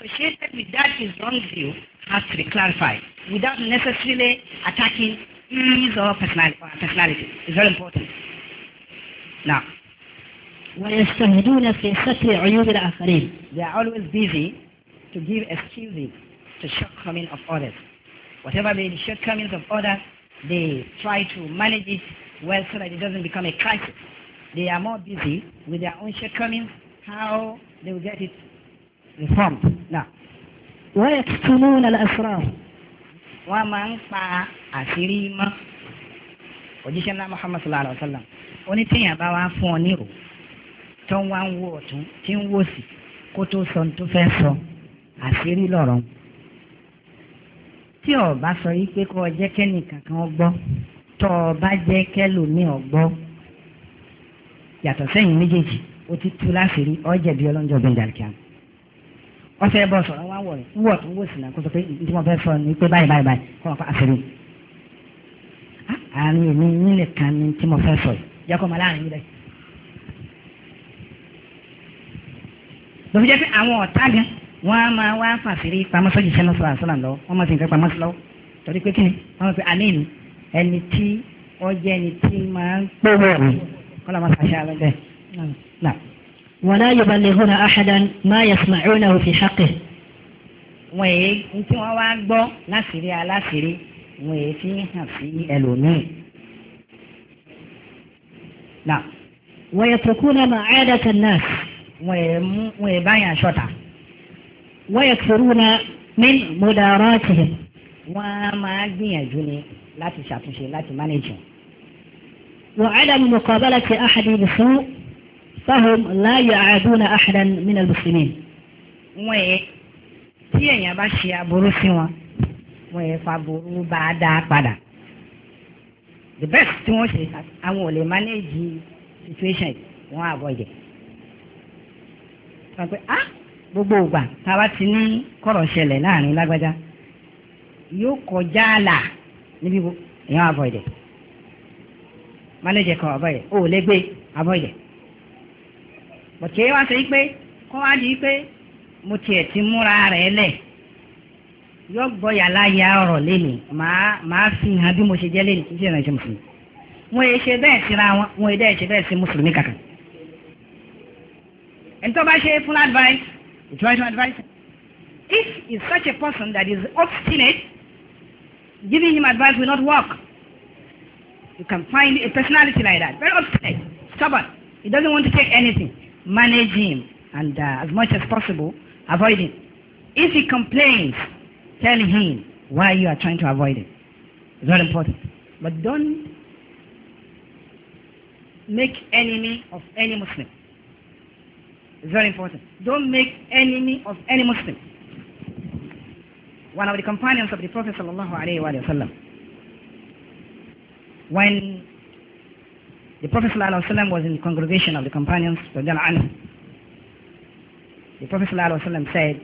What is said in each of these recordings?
associated with that is wrong view has to be clarified without necessarily attacking his or personality. It's very important. Now, ويجتهدون في ستر عيوب الآخرين. They are always busy to give excuses to shortcomings of others. Whatever be the shortcomings of others, they try to manage it well so that it doesn't become a crisis. They are more busy with their own shortcomings, how they will get it reformed. nà wọ́n yẹ tuntun ní alásùrà wọ́n máa ń pa àṣírí mọ́ òjíṣẹ́ ńlá muhammad sallallahu alayhi wa sallam oní tíyàn bá wá fún ọ nírò tó ń wá ń wò ọ̀tún tí ń wò sí kó tó sọ tó fẹ́ sọ àṣírí lọ̀rọ̀ tí o bá wọ́n fẹ́ bọ́ sọ̀rọ̀ wá wọ̀ rẹ̀ ń wọ̀ tó ń wò sí náà kó sọ pé ní tí wọ́n fẹ́ sọ ni pé báyìí báyìí báyìí kọ́ ọ̀pá àṣírí. Ah, àárín èmi nílẹ̀ kan ni tí mo fẹ́ sọ yìí jẹ́ kó ma láàrin yìí rẹ̀. lọ́sọ̀ jẹ́ pé àwọn ọ̀tá gan wọ́n á máa wá fàṣírí pamọ́ sọ́jì sẹ́nu sọ̀rọ̀ àṣọ làǹdọ́ wọ́n máa sì ń pamọ́ sí lọ́wọ́ torí pé kíni wọ́n máa fi àlẹ́ ìlú ẹni tí ó jẹ́ ẹni tí máa ń pé wọ́ọ̀rù kọ́ ولا يبلغون أحدا ما يسمعونه في حقه wọ́n èé tí wọ́n wá gbọ́ láṣìírí aláṣìírí wọ́n èé fi hàn sí ẹlòmíì. nà wọ́n yẹ tó kúnlẹ̀ mọ́ àyàdàkẹ́ náà wọ́n èé mú wọ́n èé báyà ṣọ́ta. wọ́n yẹ tó rúnà ní mọ́dàrọ́tì. wọ́n á máa gbìyànjú ni láti ṣàtúnṣe láti mánéjì. wọ́n àdàmú mọ̀kọ́ bá láti áhàdì ìbùsùn fáhùn láyà àdúnà àhàdàn mínà lùsùmí. wọ́n yẹ tí èèyàn bá ṣe aburú sí wọn wọ́n yẹ fa aburú bá a dá padà. the best tí wọ́n ṣe àwọn ò lè manage situation wọ́n avoid it. wọ́n pe ah gbogbo ògbà táwa ti ní kọ̀rọ̀ ṣẹlẹ̀ láàrin lágbájá yóò kọjá àlà níbi èèyàn avoid it. manager kan avoid it o lè gbé avoid it bọ̀tí wá sí pé kọ́ wá di pé mo tiẹ̀ ti múra rẹ̀ lẹ̀ yóò gbọ́ yàrá ya ọ̀rọ̀ lẹ́nu màá màá fi hàn bí mo ṣe jẹ́ lẹ́nu kí n ṣe ìrìnàjò mùsùlùmí wọn èyí ṣe bẹ́ẹ̀ síra wọn wọn èyí dẹ́ẹ̀ ṣe bẹ́ẹ̀ sí mùsùlùmí kankan ẹni tó bá ṣe fún advice ìtúwájú advice if is such a person that is obstinate giving him advice will not work you can find a personality like that very obstinate stubborn he doesn't want to take anything. manage him and uh, as much as possible avoid him. If he complains, tell him why you are trying to avoid him. It's very important. But don't make enemy of any Muslim. It's very important. Don't make enemy of any Muslim. One of the companions of the Prophet sallallahu alaihi wasallam, when the Prophet ﷺ was in the congregation of the companions. The Prophet ﷺ said,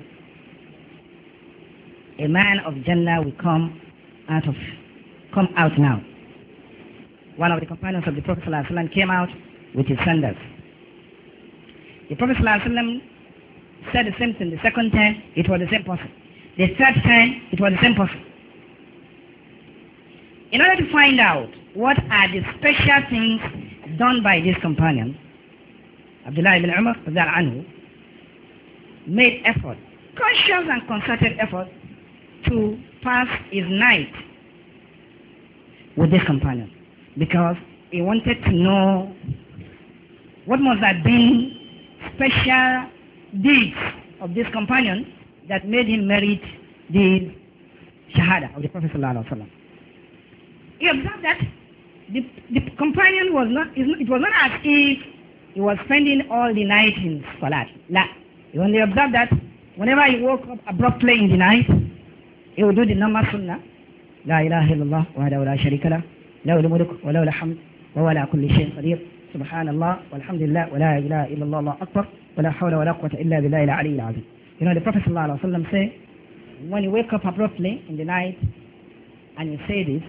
A man of Jannah will come out of come out now. One of the companions of the Prophet ﷺ came out with his sandals. The Prophet ﷺ said the same thing the second time, it was the same person. The third time, it was the same person. In order to find out what are the special things done by his companion, Abdullah ibn Umar anhu, made effort, conscious and concerted effort, to pass his night with this companion because he wanted to know what must have been special deeds of this companion that made him merit the shahada of the Prophet Wasallam. He observed that the, the companion was not, it was not as if he was spending all the night in Salat. La. You only observe that whenever he woke up abruptly in the night, he would do the normal sunnah. لا إله إلا الله وحده لا شريك له له الملك وله الحمد وهو كل شيء قدير سبحان الله والحمد لله ولا إله إلا الله الله أكبر ولا حول ولا قوة إلا بالله العلي العظيم You know the Prophet صلى say when you wake up abruptly in the night and you say this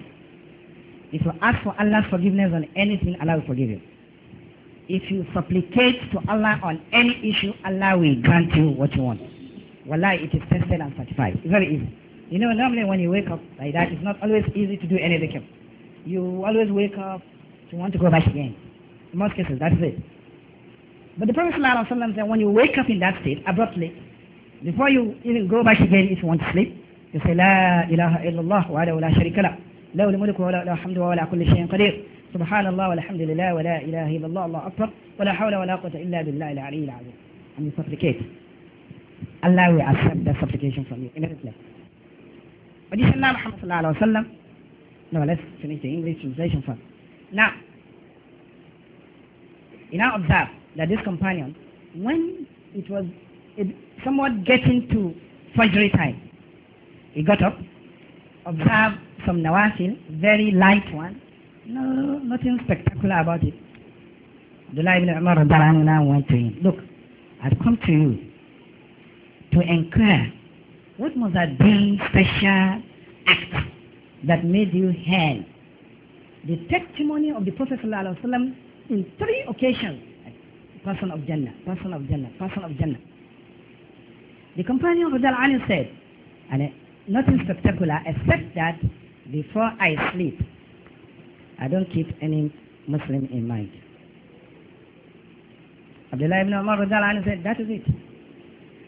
if you ask for Allah's forgiveness on anything, Allah will forgive you. If you supplicate to Allah on any issue, Allah will grant you what you want. Wallahi, it is tested and certified. It's very easy. You know, normally when you wake up like that, it's not always easy to do anything. You always wake up to want to go back again. In most cases, that's it. But the Prophet ﷺ said, when you wake up in that state abruptly, before you even go back again if you want to sleep, you say, La ilaha illallah wa la sharika lah. له الملك وله الحمد وهو على كل شيء قدير سبحان الله والحمد لله ولا إله إلا الله الله أكبر ولا حول ولا قوة إلا بالله العلي العظيم and you supplicate Allah will accept the supplication from you in But immediately Additionally Muhammad صلى الله عليه وسلم no let's finish the English translation first now you now observe that this companion when it was it somewhat getting to Fajr time he got up observed some nawafil, very light one. No, nothing spectacular about it. Abdullah ibn Umar now went to him, look, I've come to you to inquire, what was that being special act that made you hell? The testimony of the Prophet Wasallam in three occasions, person of Jannah, person of Jannah, person of Jannah. The companion of Jal said, and nothing spectacular except that before I sleep, I don't keep any Muslim in mind. Abdullah ibn Umar said, that is it.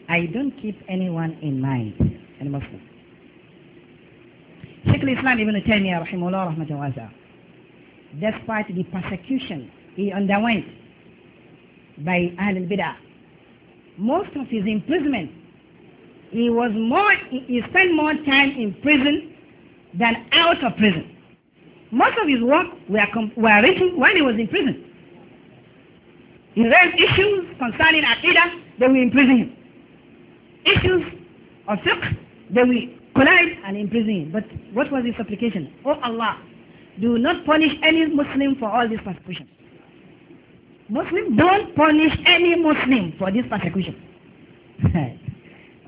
I don't keep anyone in mind, any Muslim. sheik al-Islam ibn Taymiyyah despite the persecution he underwent by Ahl al-Bid'ah, most of his imprisonment, he was more, he spent more time in prison than out of prison. Most of his work were, were written when he was in prison. He raised issues concerning Aqidah, they will imprison him. Issues of fiqh, they will collide and imprison him. But what was his supplication? Oh Allah, do not punish any Muslim for all this persecution. Muslim, don't punish any Muslim for this persecution.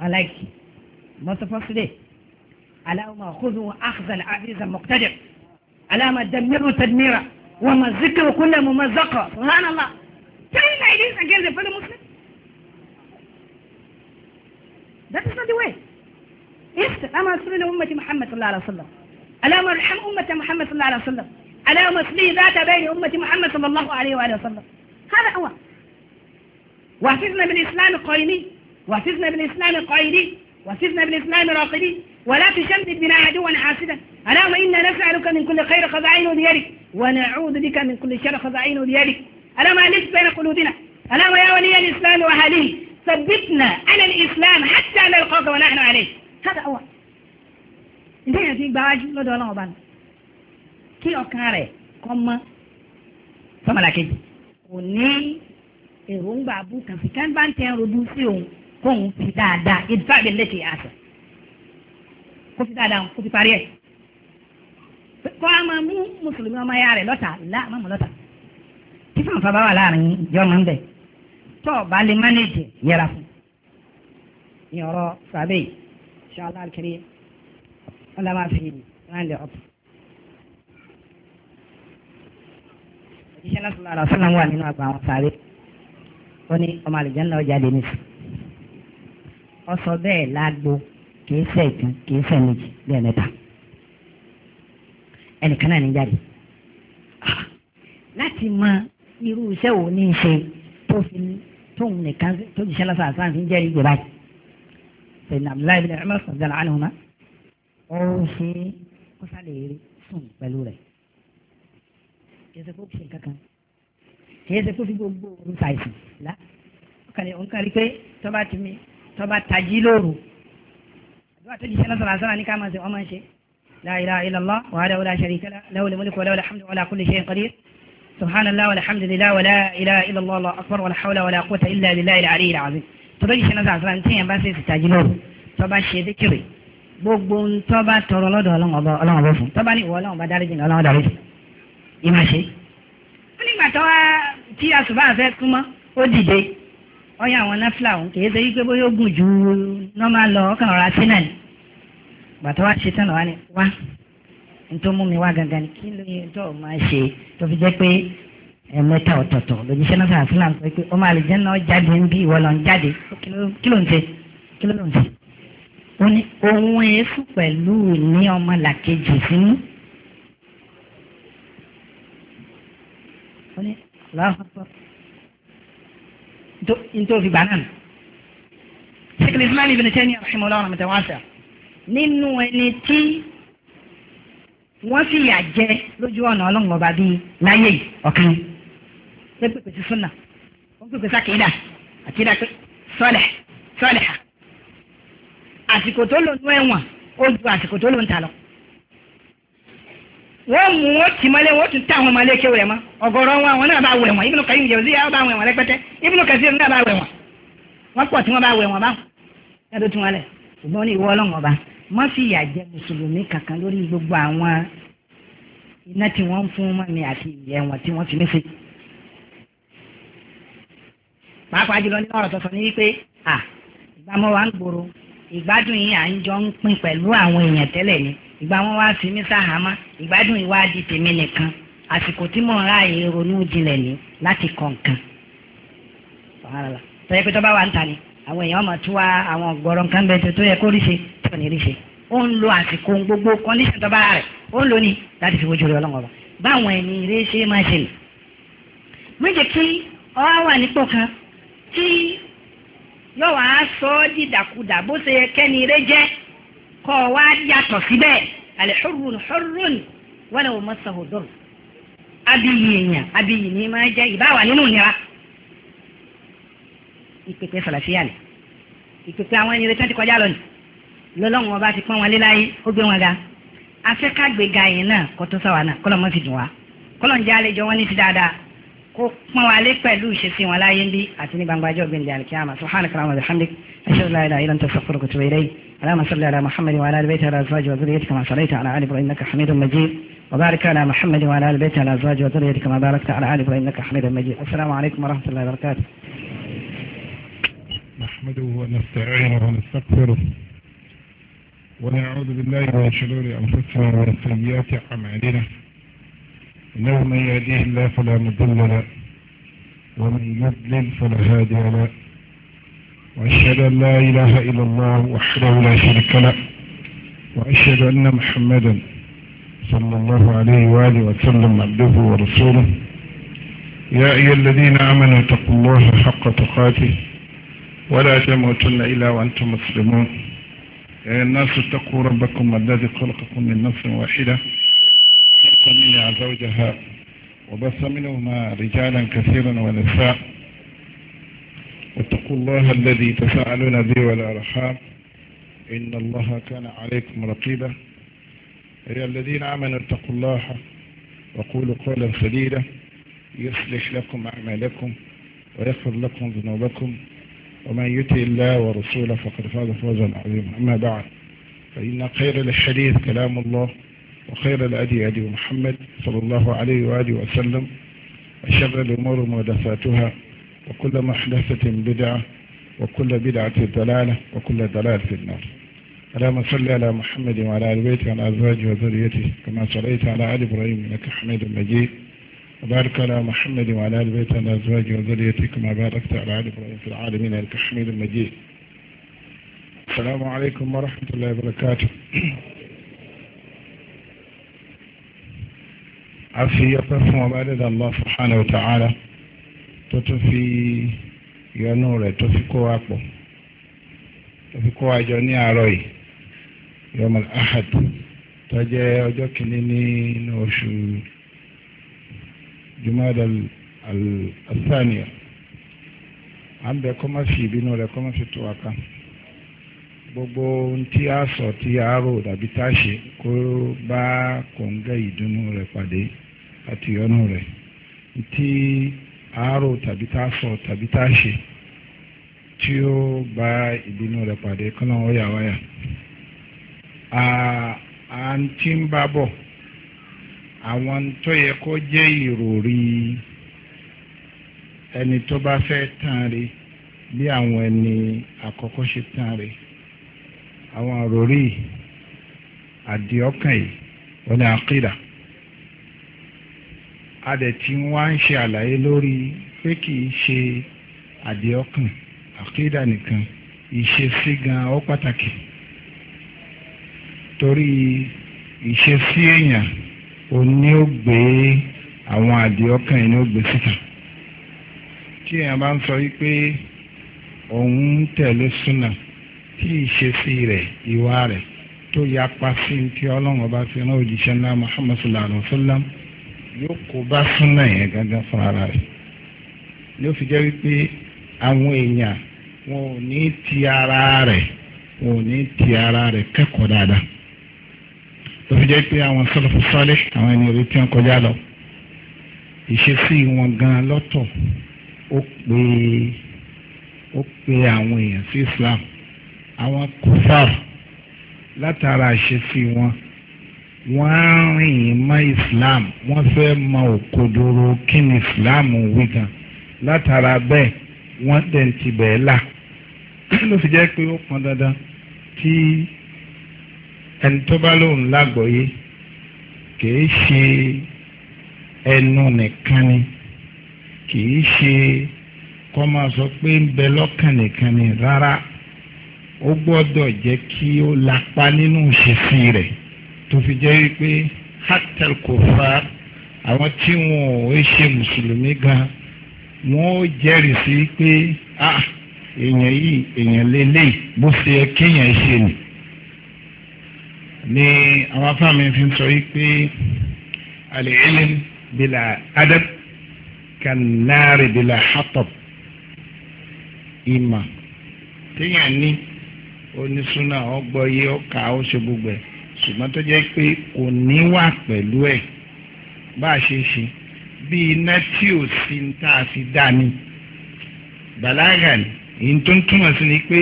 Unlike most of us today. ما خذوا أخذ العزيز المقتدر ما دمروا تدميرا ومزقوا كل ممزقة سبحان الله Turning like this against the fellow Muslim? That is not the way. اللهم اغفر لأمة محمد صلى الله عليه وسلم اللهم ارحم أمة محمد صلى الله عليه وسلم اللهم اصلي ذات بين أمة محمد صلى الله عليه وآله وسلم هذا هو واحفظنا بالإسلام قائمين واحفظنا بالإسلام قائدين وصفنا بالإسلام راقدين ولا تشمت بنا عدوا حاسدا اللهم إنا نسألك من كل خير خزائن بيدك ونعوذ بك من كل شر خزائن بيدك اللهم ألف بين قلوبنا اللهم يا ولي الإسلام وأهله ثبتنا على الإسلام حتى نلقاك ونحن عليه هذا أول ìbéèrè ti gba wájú lọ́dọ̀ ọlọ́run ọba kí ọkàn rẹ̀ kọ́ mọ́ sọ́mọlàkejì kò ní èròǹgbà كان fi kẹ́ńbà ń tẹ́ ń kóun fi dáadáa ìdúfà bẹ̀ lẹ́tì àṣà kó fi dáadáa kó fi parí ẹ̀ kó a máa mú mùsùlùmí ọmọ ya rẹ̀ lọ́tà lá má mú lọ́tà kí fàǹfà bá wà láàrin ìjọ máa ń bẹ̀ tó o bá lè mánéjì yẹra fún ní ọ̀rọ̀ sàbẹ̀ yìí ṣáàlá kiri wọn lè máa fi ránlẹ̀ ọ̀pọ̀. òjíṣẹ́ náà sọ̀rọ̀ àrà sọ́nà wà nínú àgbà àwọn sàbẹ̀ ó ní ọmọ àlùjá ńlá ọjà dé ó sọ bẹ́ẹ̀ lágbo kìí fẹ́ Kan? kìí fẹ́ méjì bẹ́ẹ̀ mẹ́ta ẹnìkan náà ní jáde ah, láti mọ irú iṣẹ́ wo ní í ṣe tó fi tóun nìkan tó jíṣẹ́ lọ́sọ̀ àtàwọn fi ń jẹ́rìí gbé báyìí sẹ̀yìn abdullahi bin Umar sọ̀dọ̀lá àlùmá ó ṣe kó sálẹ̀ eré sùn pẹ̀lú rẹ̀ kìí ṣe kó ṣe kankan kìí ṣe kó fi gbogbo orúkọ àìsàn lá ó kàrí pé tọ́ba ti mi tọba tají lóru àdúrà tó jíṣẹ́ lọ́sọ̀rọ̀ àṣọ́ra ní káàmọ̀ sí ọmọ ṣe la ilaha illallah wahdahu la sharika lahu lahul mulku wa lahul hamdu wa ala kulli shay'in qadir subhanallah walhamdulillah wa la ilaha illallah allahu akbar wa la hawla wa la quwwata illa billahi al-aliyyil azim tọba jíṣẹ́ lọ́sọ̀rọ̀ àṣọ́ra ní tíyẹn bá ṣe sì tají lóru tọba ṣe dékèrè gbogbo ntọba tọrọ lọ́dọ̀ Ọlọ́run ọba fún tọba ní ìwọ Ọlọ́run ọba dáríjì ọyọ àwọn náfìlà òun kìí ṣe wípé bóyá ó gùn ju normal lọ ọkàn ọ̀rọ̀ àti náà ni bàtà wá ṣe tán lọ́wọ́ ni wá n tó mú mi wá gangan ni kí ló yẹ tó máa ṣe tó fi jẹ́ pé ẹ̀mẹ́ta ọ̀tọ̀ọ̀tọ̀ lójúṣẹ́ náà sàrà fúlàn pé pé ọmọ àlejò náà jáde ń bí ìwọ lọ ń jáde kí ló ń ṣe kí ló ń ṣe. ó ní ohun èéfù pẹ̀lú ní ọmọ làkejì sínú. ó ní aláwọ̀ nítorí gbà náà sheikh ismail ibn taymiya rahimahullah mẹtẹwàṣà nínú ẹni tí wọ́n fìyà jẹ lójú ọ̀nà ọlọ́run ọba bíi láyé ọ̀kan ṣé pèpè sí súnà ó ń pèpè sákèédà àkèédà pé sọ́lẹ̀ sọ́lẹ̀ àsìkò tó lò nú ẹ̀wọ̀n ó ju àsìkò tó lò ń ta lọ wọ́n mú wọ́n tì mọ́lẹ̀ wọ́n tún tẹ àwọn ọmọlé kéwù rẹ̀ mọ́ ọ̀gọ̀rọ̀ wọn àwọn náà bá wẹ̀ wọ́n Ibn Qayyim Jawziyya bá wẹ̀ wọ́n rẹpẹtẹ Ibn Kathir náà bá wẹ̀ wọ́n wọ́n pọ̀ tí wọ́n bá wẹ̀ wọ́n báwọn yàtọ̀ tí wọ́n lẹ̀ ṣùgbọ́n ní ìwọ ọlọ́run ọba má fi ìyà jẹ mùsùlùmí kankan lórí gbogbo àwọn iná tí wọ́n ń fún mọ́mi àti ìyẹ́ wọn tí wọ́n ti ní fi. pàápàá jùlọ nínú ọ̀rọ̀ tuntun ní pé à ìgbàmọ́ wa ń gbòòrò ìgbádùn yìí à ń jọ ń pín pẹ̀lú àwọn èèyàn tẹ́lẹ̀ ni ìgbà wọn wá sí ní sàhámà ìgbádùn ìwádìí tèmi nìkan àsìkò tí mò ń ráàyè ronú jinlẹ̀ ní láti kọ̀ nǹkan. tọ́yẹ pé tó bá wà ń ta ni àwọn èèyàn máa tú wa àwọn ọ̀gọ̀rọ̀ nǹkan bẹ́ẹ̀ tó yẹ kó rí ṣe tó ní rí ṣe. ó ń lo àsìkò gbogbo kọ́ndíṣàn tó bá rẹ̀ ó ń lo ni láti fi wojú rẹ̀ ọlọ́run ọba. báwọn ẹni eré ṣe máa ṣe lè. méje kí ọ wà nípò kan tí yóò wá sọ ọ́ dìdàkudà bó ṣe yẹ kẹ́ni eré jẹ́ kọ́ ọ wá yàtọ̀ síbẹ̀ alihurun hurun wọ́n lè wọ́n mọ́ sọ̀hódùn abiyi èèyàn abiyi ni máa jẹ́ ìbáwà nínú ìnira ìpèpè sàlàfíà ni ìpèpè àwọn ẹni retí kọjá lọ ni lọ́lọ́run ọba ti pọ́n wọn lé láyé ó gbé wọn ga afẹ́kàgbéga yìí náà kó tó sáwà náà kọ́lọ́ mọ́ fi dùn wá kọ́lọ́ ń jẹ́ àlejò wọn ní ti dáadáa kó pọ́n wa lé pẹ̀lú ìṣesí wọn láyé ń bí àti ní gbangba ọjọ́ gbẹ̀ndẹ̀ àlùkìyàmà subhanaka wa bihamdik ashhadu an la اللهم صل على محمد وعلى ال بيته الازواج ازواجه وذريته كما صليت على ال ابراهيم انك حميد مجيد وبارك على محمد وعلى ال بيته الازواج ازواجه وذريته كما باركت على ال ابراهيم انك حميد مجيد السلام عليكم ورحمه الله وبركاته نحمده ونستعينه ونستغفره ونعوذ بالله من شرور انفسنا ومن سيئات اعمالنا انه من يهديه الله فلا مضل له ومن يضلل فلا هادي له وأشهد أن لا إله إلا الله وحده لا شريك له وأشهد أن محمدا صلى الله عليه وآله وسلم عبده ورسوله يا أيها الذين آمنوا اتقوا الله حق تقاته ولا تموتن إلا وأنتم مسلمون يا الناس اتقوا ربكم الذي خلقكم من نفس واحدة خلق منها زوجها وبث منهما رجالا كثيرا ونساء واتقوا الله الذي تفاعلون به والأرحام إن الله كان عليكم رقيبا يا الذين آمنوا اتقوا الله وقولوا قولا سديدا يصلح لكم أعمالكم ويغفر لكم ذنوبكم ومن يطع الله ورسوله فقد فاز فوزا عظيما أما بعد فإن خير الحديث كلام الله وخير الأدي أدي محمد صلى الله عليه وآله وسلم وشر الأمور مدفاتها وكل محدثة بدعة وكل بدعة ضلالة وكل ضلالة في النار اللهم صل على محمد وعلى آل بيته وعلى أزواجه وذريته كما صليت على آل إبراهيم إنك حميد مجيد وبارك على محمد وعلى آل بيته وعلى أزواجه وذريته كما باركت على آل إبراهيم في العالمين إنك حميد مجيد السلام عليكم ورحمة الله وبركاته عفية فهم وبارد الله سبحانه وتعالى tó tún fi ìyọ́nú rẹ̀ tó fi kó wa pọ̀ tó fi kó wa jọ ní àárọ̀ yìí yọmọ ahad tó jẹ́ ọjọ́ kìíní nínú oṣù jumada al-asaniya à ń bẹ kọ́ má fi ìbínú rẹ̀ kọ́ má fi tó wa kan gbogbo ohun tí a sọ tí a rò dàbí tá a ṣe kó bá kòǹgẹ́ ìdùnnú rẹ̀ pàdé àti ìyọ́nú rẹ̀ tí. Aro tàbí tá a sọ tàbí tá a ṣe tí ó bá ìbínú rẹ̀ pàdé kọ́nà ọ̀yà wáyà à ń tí ń bá bọ̀ àwọn tó yẹ kó jẹ́ ìròrí ẹni tó bá fẹ́ tán rí bí àwọn ẹni àkọ́kọ́ ṣe tán rí àwọn ìròrí àdìọ́kàn yìí wọ́n ní àkìdá a dẹ̀ ti wá ń ṣe àlàyé lórí pé kì í ṣe àdéhọ́kàn àkídà nìkan ìṣesí gan ó pàtàkì torí ìṣesí èèyàn ò ní ó gbé àwọn àdéhọ́kàn yìí ní ó gbé síta tí èèyàn bá ń sọ wípé òun ń tẹ̀lé súnà tí ìṣesí rẹ̀ ìwà rẹ̀ tó yapa sí ti ọlọ́run ọba fi rán òjíṣẹ́ náà Muhammad sallallahu alayhi wa sallam yóò kó bá súnà yẹn gángan fún ara rẹ̀ ni ó fi jẹ́ wípé àwọn èèyàn wọn ò ní ti ara rẹ̀ wọn ò ní ti ara rẹ̀ kẹ́kọ̀ọ́ dáadáa ló fi jẹ́ pé àwọn sọ́lọ́fù sọ́lé àwọn ẹni orí tí wọ́n kọjá lọ ìṣesí wọn gan lọ́tọ̀ ó pè ó pè àwọn èèyàn sí Islam àwọn kùfàr látara ìṣesí wọn wọ́n á rìn mọ́ islam wọ́n fẹ́ mọ òkodoro kí ni islam wí gan látara bẹ́ẹ̀ wọ́n dẹ̀ ti bẹ́ẹ̀ là ló fi jẹ́ pé ó pọn dandan tí ẹni tó bá lóun lágbọ̀ọ́yé kìí ṣe ẹnu nìkan ni kìí ṣe kọ́ máa sọ pé ń bẹ lọ́kàn nìkan ni rárá ó gbọ́dọ̀ jẹ́ kí ó lapa nínú ìṣesí rẹ̀ tó fi jẹ́ wípé hatal kufar àwọn tí wọn ò ṣe mùsùlùmí gan wọn ó jẹ́rìí sí pé ah èèyàn yìí èèyàn lélẹ́yìí bó ṣe yẹ kéèyàn ṣe nì ni àwọn afáàmì fi ń sọ yìí pé al-ilm bila adab kan-nari bila hatab ìmọ̀ téèyàn ní onísúná ọgbọ́yé ọkà ó ṣe gbogbo ẹ̀ ṣùgbọ́n tó jẹ́ pé kò ní wà pẹ̀lú ẹ̀ bá a ṣe ṣe bí iná tí ò sí ń tá a fi dá ni bàlágà ni èyí tó ń túmọ̀ sí ni pé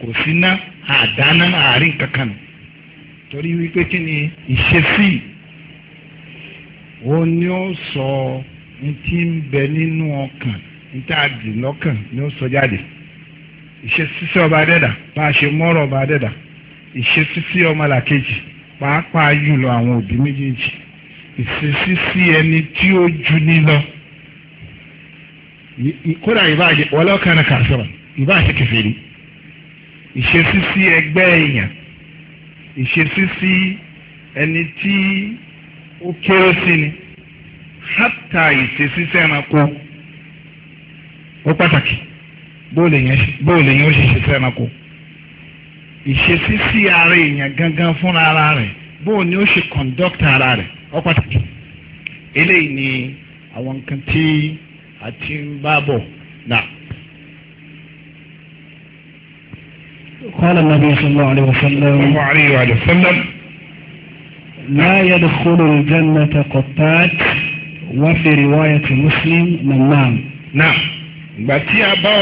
kò síná àdáná àárín kankan torí wípé kí ni ìṣesí ó ní ó sọ ní tí ń bẹ nínú ọkàn ní tá a dì lọ́kàn ní ó sọ jáde ìṣesí sí ọba adẹ́dà bá a ṣe mọ́rọ̀ ọba adẹ́dà ìṣesí sí ọmọlàkejì pàápàá jùlọ àwọn òbí méjèèjì ìṣesí sí ẹni tí ó ju ní lọ kódà ìbá jẹ wọlọ́kànnà kàṣọ̀rọ̀ ìbá ṣe kẹfẹ́rí ìṣesí sí ẹgbẹ́ èèyàn ìṣesí sí ẹni tí ó kéré sí ni hátà ìṣesí sẹ́ranko ó pàtàkì bóòlù yẹn ó ṣe ṣe sẹ́ranko ìṣesí sí ara èèyàn gangan fúnra ara rẹ̀ bóun ni ó ṣe conduct ara rẹ̀ ó pàtàkì eléyìí ni àwọn nǹkan tí a ti ń bá bọ̀ náà. قال النبي صلى الله عليه وسلم لا يدخل الجنة قطات وفي رواية مسلم نمام نعم ìgbà tí a bá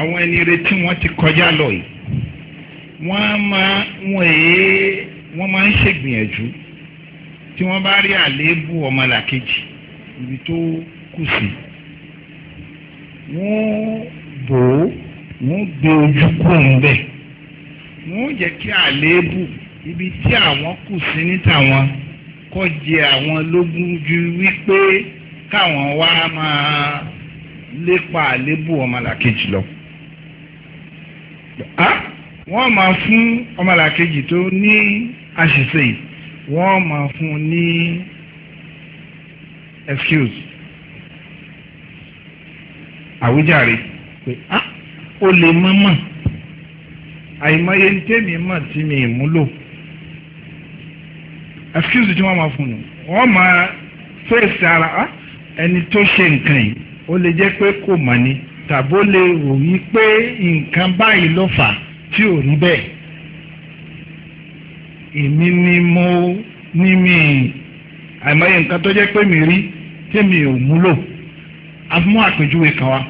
àwọn ẹni retí wọn ti kọjá lọ yìí wọ́n máa wọ́n èé wọ́n máa ń ṣègbìyànjú tí wọ́n bá rí àléébù ọmọlàkejì ibi tó kù sí wọ́n bò ó wọ́n gbé ojú kúrò níbẹ̀ wọ́n jẹ́ kí àléébù ibi tí àwọn kù sí níta wọn kọ́ jẹ àwọn lógún ju wípé káwọn wá máa lépa àléébù ọmọlàkejì lọ. Ah, wọ́n máa fún ọmọlàkejì tó ní àṣìṣe wọ́n máa fún ní excuse àwíjàre pé ó ah, lè mọ́ mọ́ àìmọye tèmi mọ̀ tí mi múlò excuse tí wọ́n máa fún un wọ́n máa fèsì ara ah, ẹni tó ṣe nǹkan yìí ó lè jẹ́ pé kò mọ̀ ni. tàbó lè rò yí nǹkan báyìí ló fà tí ò rí bẹ́ẹ̀ èmi ni mo ní mi àìmọye nǹkan tó jẹ́ pé mi rí tèmi ò múlò a mú àpèjúwe kan wá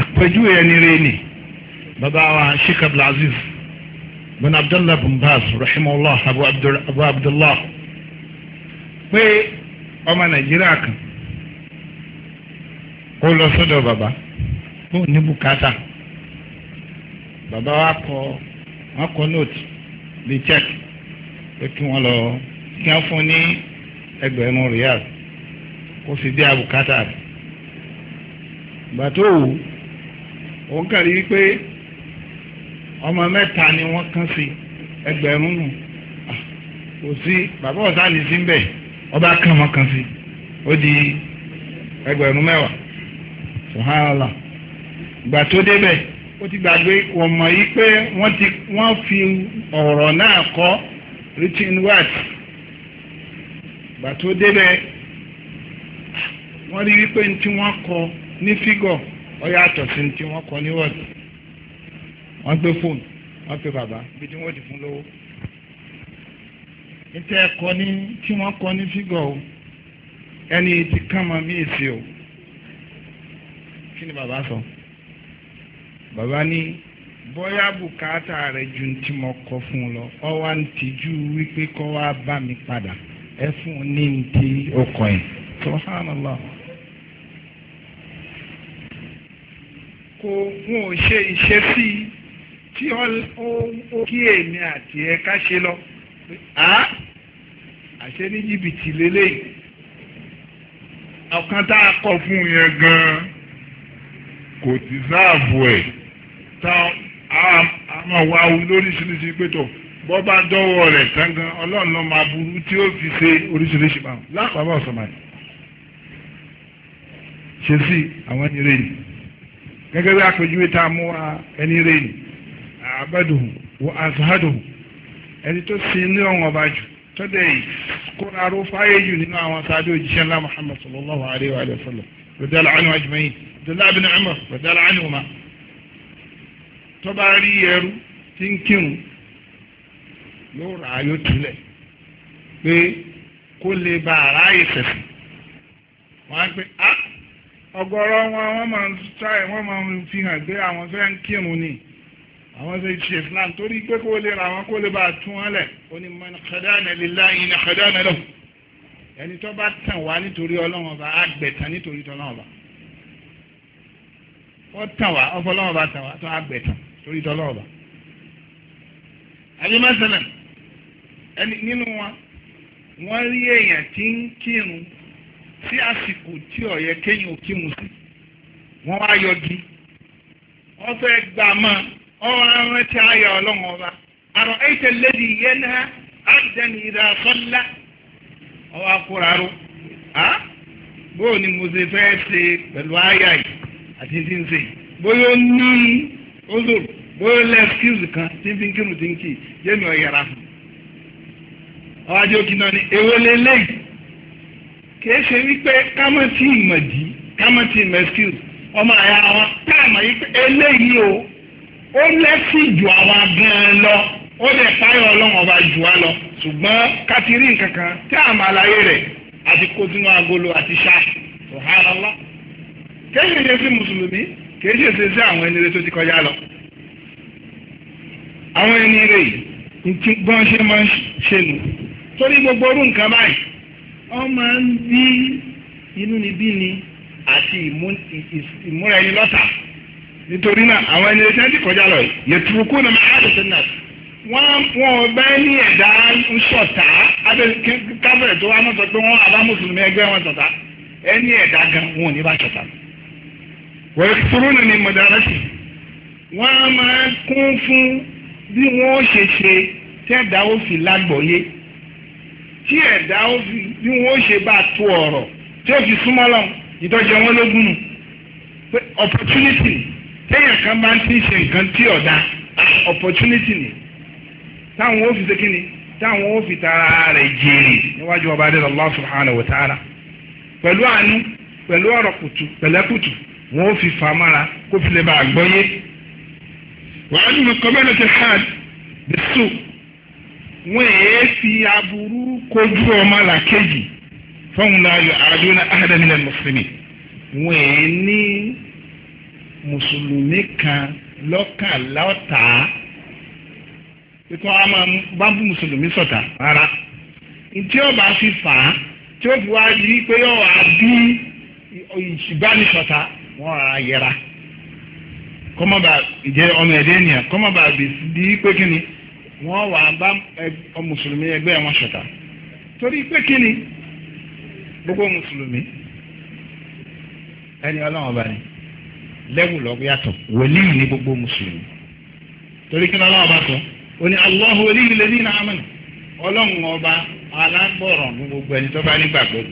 àpèjúwe ẹni rẹ ni bàbá wa Sheikh Abdulaziz bin Abdullah bin Baz abu Abdullah pé ọmọ Nàìjíríà kan lọ fún ní bàbá wa kọ wọn kọ nóòtù bíi check pé wọn lọ kí wọn fún ní ẹgbẹ̀rún riyal kó fi bí abùkátà rẹ kàn rí ọmọ mẹta ni wọn kàn sí ẹgbẹ̀rún nù kò sí bàbá ọ̀sán ní sí ń ọba kàn wọ́n kàn sí ó di ẹgbẹ̀rún ìgbà tó débẹ̀ ó ti gbàgbé ọmọ yìí pé wọ́n ti wọ́n fi ọ̀rọ̀ náà kọ́ written word ìgbà tó débẹ̀ wọ́n rí wípé ní tí wọ́n kọ ní fígọ̀ ó yàtọ̀ sí ní tí wọ́n kọ ní word wọ́n gbé fóònù wọ́n pe bàbá ibi tí wọ́n ti fún lówó níta ẹ̀kọ́ ní tí wọ́n kọ ní fígọ̀ o ẹni tí kàn máa mí èsì o kí ni bàbá sọ. So? bàbá ní bóyá bùkátà rẹ̀ ju tí mo kọ fún un lọ ọ wá ń tijú wípé kọ́ wá bá mi padà ẹ fún un ní ti ọkọ̀ yẹn subhanallah. kò wọn ò ṣe iṣẹ́ sí i tí ó kí èmi àti ẹ ká ṣe lọ àṣẹ ní jìbìtì lélẹ́yìí ọ̀kan tá a kọ fún yẹn gan-an kò ti sáàbù ẹ̀ tá a máa wá wu lóríṣiríṣi pétọ̀ bọ́ bá dọ́wọ́ rẹ̀ tangan ọlọ́run ló máa burú tí ó fi ṣe oríṣiríṣi báwọn lápapọ̀ ọ̀sọ̀mọ̀ yìí ṣe sí àwọn ẹni rẹ̀ yìí gẹ́gẹ́ bí àpèjúwe tá a mú wa ẹni rẹ̀ yìí àbẹ́dùn wọ azahadùn ẹni tó sin ní ọ̀wọ́n ọba jù tọ́dẹ̀ yìí kóra aró fáyé jù nínú àwọn sáájú òjíṣẹ́ ńlá Muhammad sallallahu alayhi wa sallam radiyallahu anhu ajma'in Abdullahi bin Umar radiyallahu anhuma tó bá rí ẹrú tí ń kírun yóò rà á yóò túlẹ̀ pé kó lè ba àrá ìfẹ̀sìn wọ́n á pé á ah, ọ̀gọ̀rọ̀ wọn wọ́n máa ń ṣáì wọ́n máa ń fi hàn pé àwọn fẹ́ ń kírun ni àwọn fẹ́ ṣe Islam torí pé kó lè ra àwọn kó lè bá a tún wọn lẹ̀ ó ní man khadana lillahi na khadana lahu ẹni tó bá tàn wá nítorí ọlọ́run ọba á gbẹ̀tàn nítorí tọ́lọ́run ọba ó tàn wá ọfọlọ́run ọba tàn wá tó á gbẹ̀tàn. torí ìtọ́lọ́ ọ̀bà. àdìmọ́sẹ̀lẹ̀ ẹni nínú wọn wọ́n rí èèyàn tí ń kírun sí àsìkò tí ó yẹ ò sí wọ́n wá yọgi wọ́n fẹ́ gbà mọ́ ọ̀rọ̀ ẹran tí a yà ọlọ́run ọba àrò ẹ̀jẹ̀ lẹ́dí yẹn náà àdìjẹ́ni ìdá sọ́lá ọwọ́ ni mo ṣe fẹ́ ṣe pẹ̀lú àyà yìí àti ti ń ṣe bóyá ó ní bóyá lẹ́ excuse kan tí n fi kírun ti ń kì jẹ́mi ọ̀ yàrá fún ọ̀rọ̀ ajé òkè náà ni èwo lélẹ́yìí kìí ṣe wípé kámọ́ tí ìmọ̀ dì kámọ́ tí ìmọ̀ excuse ọmọ àyà wọn táàmù yìí eléyìí o ó lẹ́sìn jù àwa gan-an lọ ó lè fáyọ̀ ọlọ́run ọba jù wá lọ ṣùgbọ́n kátìrí nǹkan kan táàmù àlàyé rẹ̀ àti kó agolo àti ṣáàṣì ọ̀hánà lọ ṣe sí mùsùlùmí kìí ṣe sí àwọn ẹni rẹ tó ti kọjá lọ àwọn ẹni rẹ̀ yìí tí gbọ́n ṣe máa ń ṣe nù torí gbogbo orú nǹkan báyìí wọ́n máa ń bí inú ni bí ni àti ìmúra ẹni lọ́tà nítorí náà àwọn ẹni rẹ̀ ti kọjá lọ yẹtùkú náà máa ń ṣe náà wọ́n wọ́n bẹ́ ní ẹ̀dá ń ṣọ̀tá kábẹ̀rẹ̀ tó wá mọ́tò pé wọ́n abá mùsùlùmí ẹgbẹ́ wọn ṣọ̀tá ẹni ẹ̀dá gan wọn ò ní bá ṣọ̀tá. wọ́n fúrú nínú ìmọ̀dára wọ́n máa kún fún bí wọ́n ó ṣe ṣe tí ẹ̀dá ó fi lágbọ̀ọ́yé tí ẹ̀dá ó fi bí wọ́n ṣe bá tó ọ̀rọ̀ tí ó fi súnmọ́ lọ ìtọ́jú wọn lógún nù pé opportunity téèyàn kan bá ti ń ṣe nǹkan tí ọ̀dà opportunity ni táwọn ó fi ṣe kí ni táwọn ó fi tara rẹ̀ jèrè níwájú ọba adé Allah subhanahu wa ta'ala pẹ̀lú àánú pẹ̀lú ọ̀rọ̀ kùtù pẹ̀lẹ́kùtù wọn ó fi fàmára kó fi lè bá àgbọ́yé wàhálì mọ̀kànlélẹ̀ ti hàn bẹ́sù wọ́n èé fi aburú kojú ọmọ làkejì fọ́hùn láàyò àdúrà ahadamílẹ̀ mùsùlùmí wọ́n èé ní mùsùlùmí kan lọ́kàlọ́ta pípọ́n a máa bá bú mùsùlùmí sọ̀tà rárá tí ó bá fi fà á tí ó fi wá rí pé yóò wá bí wọ́n á yẹra kọ́mọ́bà jẹ́ ọmọ ẹ̀dẹ́ ènìyàn kọ́mọ́bà di pé kí ni wọ́n wà bá mùsùlùmí ẹgbẹ́ wọn ṣọ̀tá torí pé kí ni gbogbo mùsùlùmí ẹni ọlọ́run ọba ni lẹ́wù lọ́gbọ́ yàtọ̀ wòlíì ní gbogbo mùsùlùmí torí kí ni ọlọ́run ọba sọ ó ní Allahu wòlíì lè ní ìnáàmùn ọlọ́run ọba alágbọ̀ràn ní gbogbo ẹni tó bá nígbàgbọ́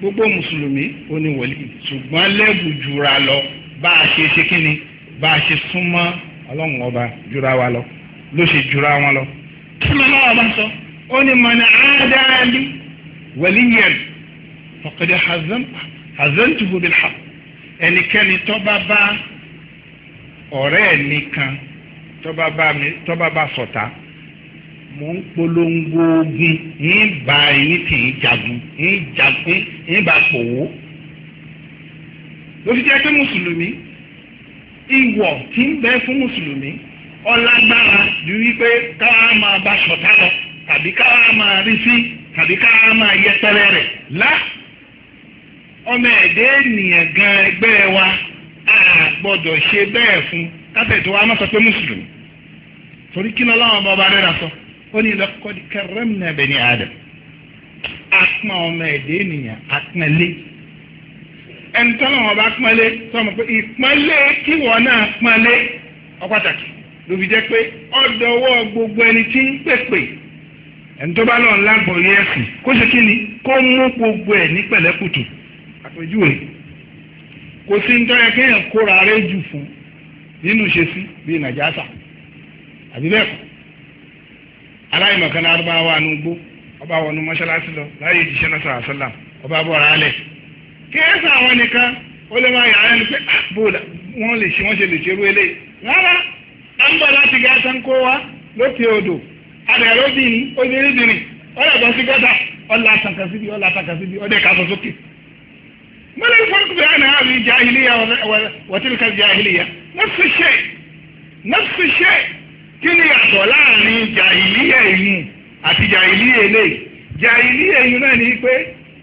gbogbo mùsùlùmí ó ní wòlíì ṣùgbọ́n lẹ́wù jura lọ bá a ṣe ṣe kí ni bá a ṣe súnmọ́ ọlọ́run ọba jura wa lọ ló ṣe jura wọn lọ. kí ló lọ́wọ́ bá sọ ó ní mọ̀nà ádáàlì wẹ̀líyẹn ọ̀kadà hazantuhu bil haqq ẹnikẹ́ni tó bá bá ọ̀rẹ́ mi kan tó bá bá ṣọ̀tá mo ń polongo ogun ń ba ẹni tí ń jagun ń jagun ń ba pòwó. ló fi mùsùlùmí ìwọ̀ tí ń bẹ fún mùsùlùmí ọlágbára ju wípé káwá máa bá ṣọ̀tá lọ tàbí káwá máa rí sí tàbí káwá máa yẹpẹrẹ rẹ̀ lá ọmọ ẹ̀dẹ́ ènìyàn gan ẹgbẹ́ wa a gbọ́dọ̀ ṣe bẹ́ẹ̀ fún kápẹ́tù wa má sọ pé mùsùlùmí torí kí ni ọlọ́run bọba rẹ̀ sọ ó ní laqad karramna bani Adam apọn ọmọ ẹ̀dẹ́ ènìyàn apọn lé ẹni tọ́lọ̀ wọn bá pọ́nlé sọmọ pé ìpọ́nlé kíwọ náà pọ́nlé ó pàtàkì ló fi jẹ́ pé ọ̀dọ̀wọ́ gbogbo ẹni tí ń pèpè ẹni tó bá lọ́n lágbọ̀ọ́yé ẹ̀sìn kó ṣe kí ni kó mú gbogbo ẹ̀ ní pẹ̀lẹ́kùtù àpèjúwe kò sí ń tọ́yẹ kéèyàn kóra rẹ̀ jù fún nínú ìṣesí bíi nàjásà àbí bẹ́ẹ̀ kọ́ aláìmọ̀kan lárúbáwá nugbó ọba wọnú mọ́ṣáláṣí lọ láyé ìjíṣẹ́ náà sàrà kéésì àwọn nìkan ó lè máa yàrá ẹni pé ah, bóòlà wọ́n lè ṣe wọ́n ṣe lè ṣerú eléyìí rárá à ń bọ̀ láti gàtà ń kó wa lókè odò adàrẹ́ obìnrin obìnrin ọ̀rẹ́ ọ̀dọ́ sí gọ́dà ọ̀là àtàkà síbi ọ̀là àtàkà síbi ọ̀dẹ̀ kàtó sókè. mọ́lẹ́ ìfọ́nkù bẹ́ẹ̀ náà rí jahiliya wọ́tílùkà jahiliya nọ́ọ̀sì kí ni yàtọ̀ láàrin jahiliya ìmù àti jahiliya eléyìí jahiliya ìmù náà ní pé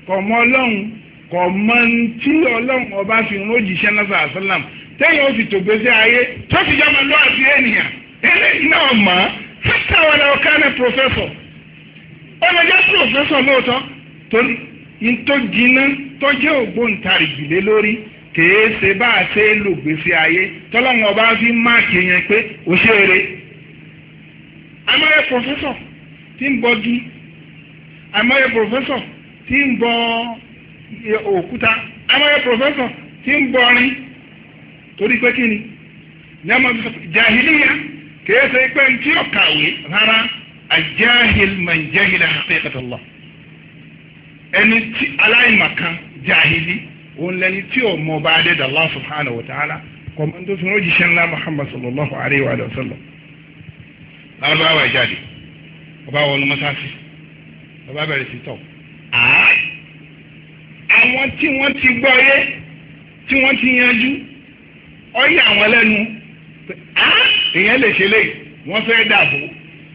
kọ̀mọ́ ọlọ́run kò mọ tí ọlọ́run ọba fi ń rojìṣẹ́ náà sàásálàm tẹ́yìn ó fi tògbésí ayé tó fi jọmọ lọ́wọ́ àti ènìyàn eléyìí náà mọ̀ ọ́ fẹ́tà wọn làwọn kan ní pòfẹ́sọ̀ ọmọ jẹ́ pòfẹ́sọ̀ lóòótọ́ torí ní tó jiná tó jẹ́ ògbóǹtarìgì lé lórí kèé ṣe bá a ṣe é ayé tọ́lọ́run ọba fi máàkì yẹn pé ó ṣe eré amọ̀yẹ pòfẹ́sọ̀ tí ń bọ́ òkúta amáyé professor tí ń bọrin torí pé kí ni ní ọmọ jahiliya kìí ṣe pé ń tí ó kàwé rárá àjáhìl man jahila haqiqatallah ẹni tí aláìmọ̀kan jahili òun lẹni tí ò mọ bá dé Allah subhanahu wa ta'ala kọ̀mọ́ntò fún ojìṣẹ́ ńlá Muhammad sallallahu alayhi wa sallam lárúbáwá jáde ọba wọnú mọ́sáàsì ọba bẹ̀rẹ̀ sí tọ̀ àwọn tí wọ́n ti gbọ́ yé tí wọ́n ti yanjú ọyẹ àwọn lẹ́nu èèyàn lè ṣe léyìí wọ́n fẹ́ dàbò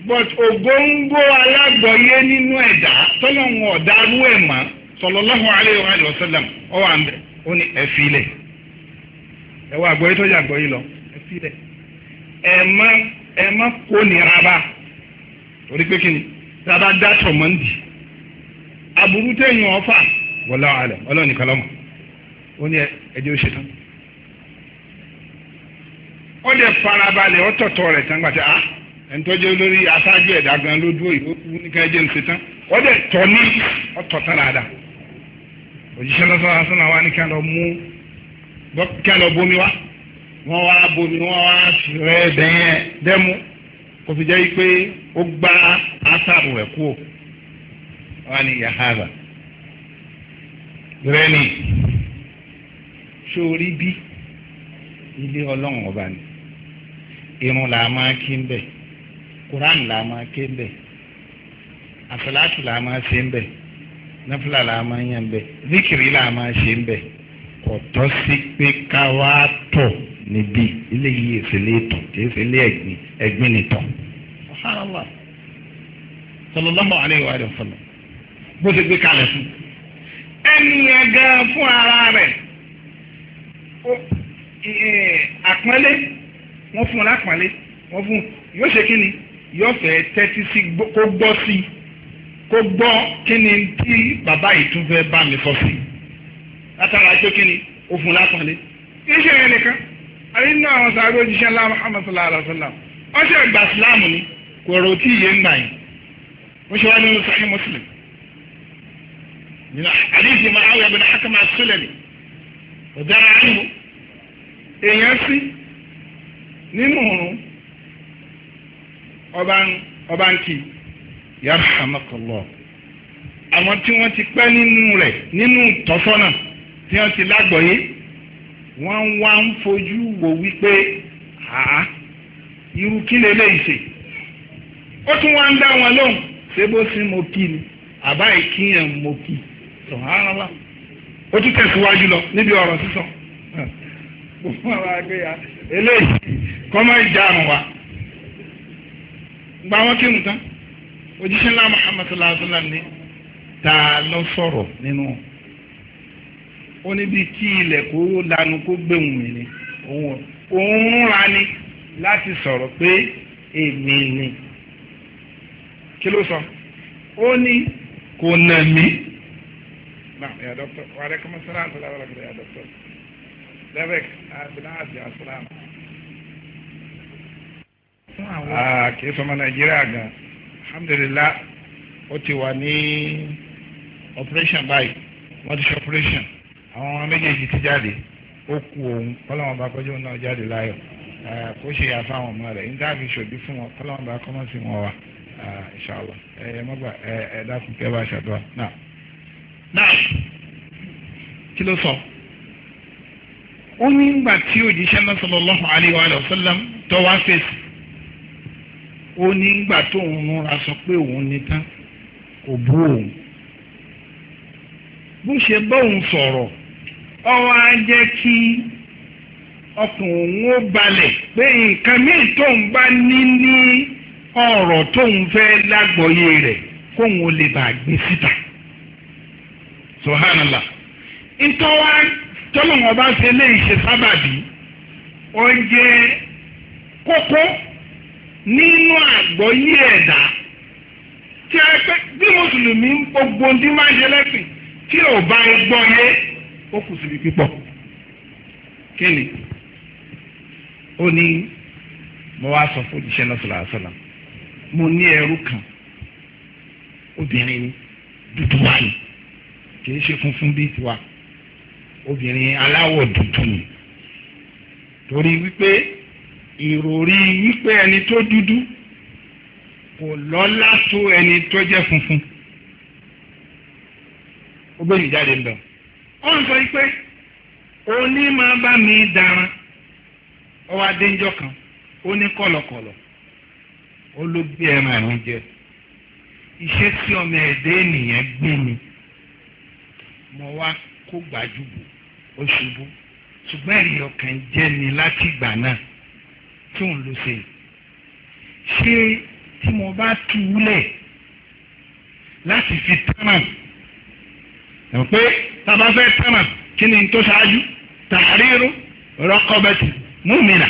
but ògóńgó alágbọ̀yé nínú ẹ̀dá tọ́lọ́hún ọ̀darú ẹ̀ mọ́ sallallahu alaihi wa sallam ọwọ́ àmbẹ̀ ó ní ẹ filẹ̀ ẹ wá àgbọ̀yé tó yà àgbọ̀yé lọ ẹ filẹ̀ ẹ má ẹ má kó nira bá torí pé kí ni tá a bá dá tọ̀mọ́ndì aburú téèyàn ọ̀fà. wọlé àlẹ ọlọ́run nìkan lọ́mọ ó ní ẹjẹ́ ó ṣe tán ó lè farabalẹ̀ ó rẹ̀ tán gbàtẹ́ ah ẹnitọ́jẹ́ olórí aṣáájú ẹ̀dá gan lójú òyìnbó kú ní ń ṣe tán ó lè tọ́ ní ọ̀tọ̀ tán òjíṣẹ́ náà wá ní lọ mú lọ bomi wá wọ́n wá bomi rẹ́ni sórí bí ilé ọlọ́run ọba ni irun là máa kí ń bẹ̀ quran là máa ké ń bẹ̀ àfẹlátù là máa ṣe ń bẹ̀ náfìlà là máa yàn ń bẹ̀ zikiri là máa ṣe ń bẹ̀ kò tọ́ sí pé ká wá tọ̀ níbí eléyìí èsèlé tọ̀ èsèlé ẹ̀gbin ẹ̀gbin nìtọ̀ subhanallah sallallahu alayhi wa sallam bó ṣe gbé kalẹ̀ fún un ẹnìyẹn gan fún ara rẹ̀ àpọ́nlé wọ́n fún un lápọ́nlé wọ́n fún un yóò ṣe kí ni yóò fẹ́ tẹ́tí sí kó gbọ́ sí kó gbọ́ kí ni tí bàbá yìí tún fẹ́ bá mi sọ sí látara pé kí ni ó fún un lápọ́nlé kí ṣe yẹn nìkan àyínú àwọn sàárò òjíṣẹ́ ńlá Muhammad sallallahu alayhi wa sallam wọ́n ṣe ìgbà sílámù ni kò rò tí ìyé ń gbà yìí wọ́n ṣe wá nínú Sahih Muslim. من حديث معاوية بن حكم السلمي ودار عنه èèyàn sí nínú òun ọba ń kì yarhamakallah àwọn tí wọ́n ti pẹ́ nínú rẹ̀ nínú tọ́sọ́nà tí wọ́n ti lágbọ̀ọ́yé wọ́n wá ń fojú wò wípé àá irú kí leléyìí ṣe ó tún wá ń dá wọn lóhùn ṣé bó sí mo kí ni àbá ìkíyàn mo kí i sọ̀hánàlá ó tún tẹ̀síwájú lọ níbi ọ̀rọ̀ sísọ. eléyìí kọ́mọ́ ìjà àrùn wa gba wọn kírun tán òjíṣẹ́ ńlá Muhammad sallallahu alayhi wa sallam ni ta lọ sọ̀rọ̀ nínú ó níbi kí ilẹ̀ kó lanu kó gbẹ̀wùn mi ni òun rúnra ni láti sọ̀rọ̀ pé èmi ni kí ló sọ ó ní kò nà mí. نعم يا دكتور وعليكم السلام ورحمة الله وبركاته يا دكتور لبك بالعافية السلام kì í sọmọ nàìjíríà gan alhamdulilah ó ti wà ní operation báyìí wọ́n ti ṣe operation àwọn ọmọ méjèèjì ti jáde ó ku òun kọ́lọ́wọ́n bá kọjú náà jáde láyọ̀ kó ṣe yà fáwọn ọmọ rẹ̀ níta-fi ṣòbí fún wọn kọ́lọ́wọ́n bá kọ́mọ́sí wọn wà inṣàlá ẹ ẹ mọ́gbà ẹ ẹ dákun kẹ́ bá ṣàdúrà náà náà kí ló sọ ó ní ìgbà tí òjíṣẹ́ náà sallallahu alaihi wa sallam tó wá fèsì ó ní ìgbà tó òun múra sọ pé òun ní tán kò bú òun bó ṣe bóun sọ̀rọ̀ ọwọ́ á jẹ́ kí ọkàn òun ó balẹ̀ pé nǹkan míì tóun bá ní ní ọ̀rọ̀ tóun fẹ́ lágbọ́yé rẹ̀ kóun ó lè bàa gbé síta subhanallah ntọ́wá tọ́lọ́wọ́n bá ṣe lè ṣe sábàbí ó jẹ́ kókó nínú àgbọ́yé ẹ̀dá tí a pẹ́ bí mùsùlùmí gbogbo ndí máa ń ṣe lẹ́sìn tí ò bá gbọ́ yé ó kù síbi pípọ̀ kí ni ó ní mo wá sọ fún òjíṣẹ́ náà sọ̀rọ̀ àṣọ̀lá mo ní ẹrú kan obìnrin dúdú wá kìí ṣe funfun bíi tiwa obìnrin aláwọ̀ dúdú ni torí wípé ìròrí wípé ẹni tó dúdú kò lọ́lá tó ẹni tó jẹ́ funfun ó gbé mi jáde lọ ó ń sọ wípé oní máa bá mi daran ọwọ́ adéńjọ́ kan ó ní kọ̀lọ̀kọ̀lọ̀ ó ló gbé ẹran àrùn jẹ iṣẹ́ tí ọmọ ẹ̀dá ènìyàn gbé mi mo wá kó gbajúbò ó ṣubú ṣùgbọ́n ẹ̀rí ọkàn jẹ́ ni láti ìgbà náà tí òun ló ṣe ṣé tí mo bá tú wúlẹ̀ láti fi tánà ẹ̀ pé tá fẹ́ tánà kí ni tó ṣáájú tàárírú rọ́kọ̀bẹ̀tì múmìnà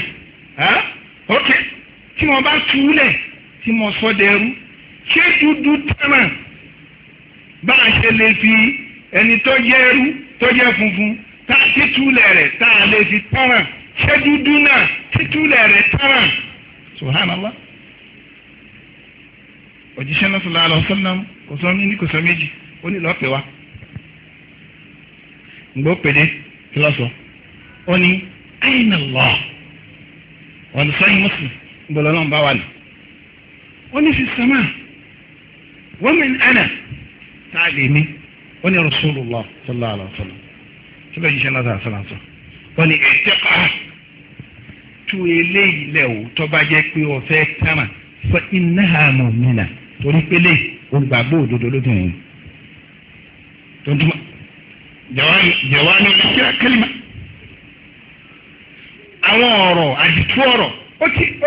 ok tí mo bá tú wúlẹ̀ tí mo sọ dẹrú ṣé dúdú tánà bá a ṣe lè fi ẹni tó jẹ́ ẹrú tó jẹ́ funfun tá títúlẹ̀ rẹ̀ tá a lè fi tọ́ràn ṣé dúdú náà títúlẹ̀ rẹ̀ tọ́ràn subhanallah òjíṣẹ́ náà sọ̀rọ̀ àlọ́ sọ́nà kò sọ ní kò sọ méjì ó ní lọ́ọ́ pè wá ǹgbọ́ pèdé kí ó ní aina Allah wọn sọyìn muslim gbọdọ náà bá wà ní. ó ní fi sọ́mà wọ́n mi ní ẹ̀nà tá a lè ní ó ní rasulullah sallallahu alaihi wa sallam tí lóyún iṣẹ́ náà sàlá sọ wọ́n ní ẹ̀ẹ́dẹ́gbà tú eléyìí lẹ̀ o tó bá jẹ́ pé o fẹ́ tẹ́ràn fọ innaha mu'mina torí pélé olùgbàgbọ́ òdodo lóbìnrin tontuma jawani jawani kíra kálímà àwọn ọ̀rọ̀ àdìtú ọ̀rọ̀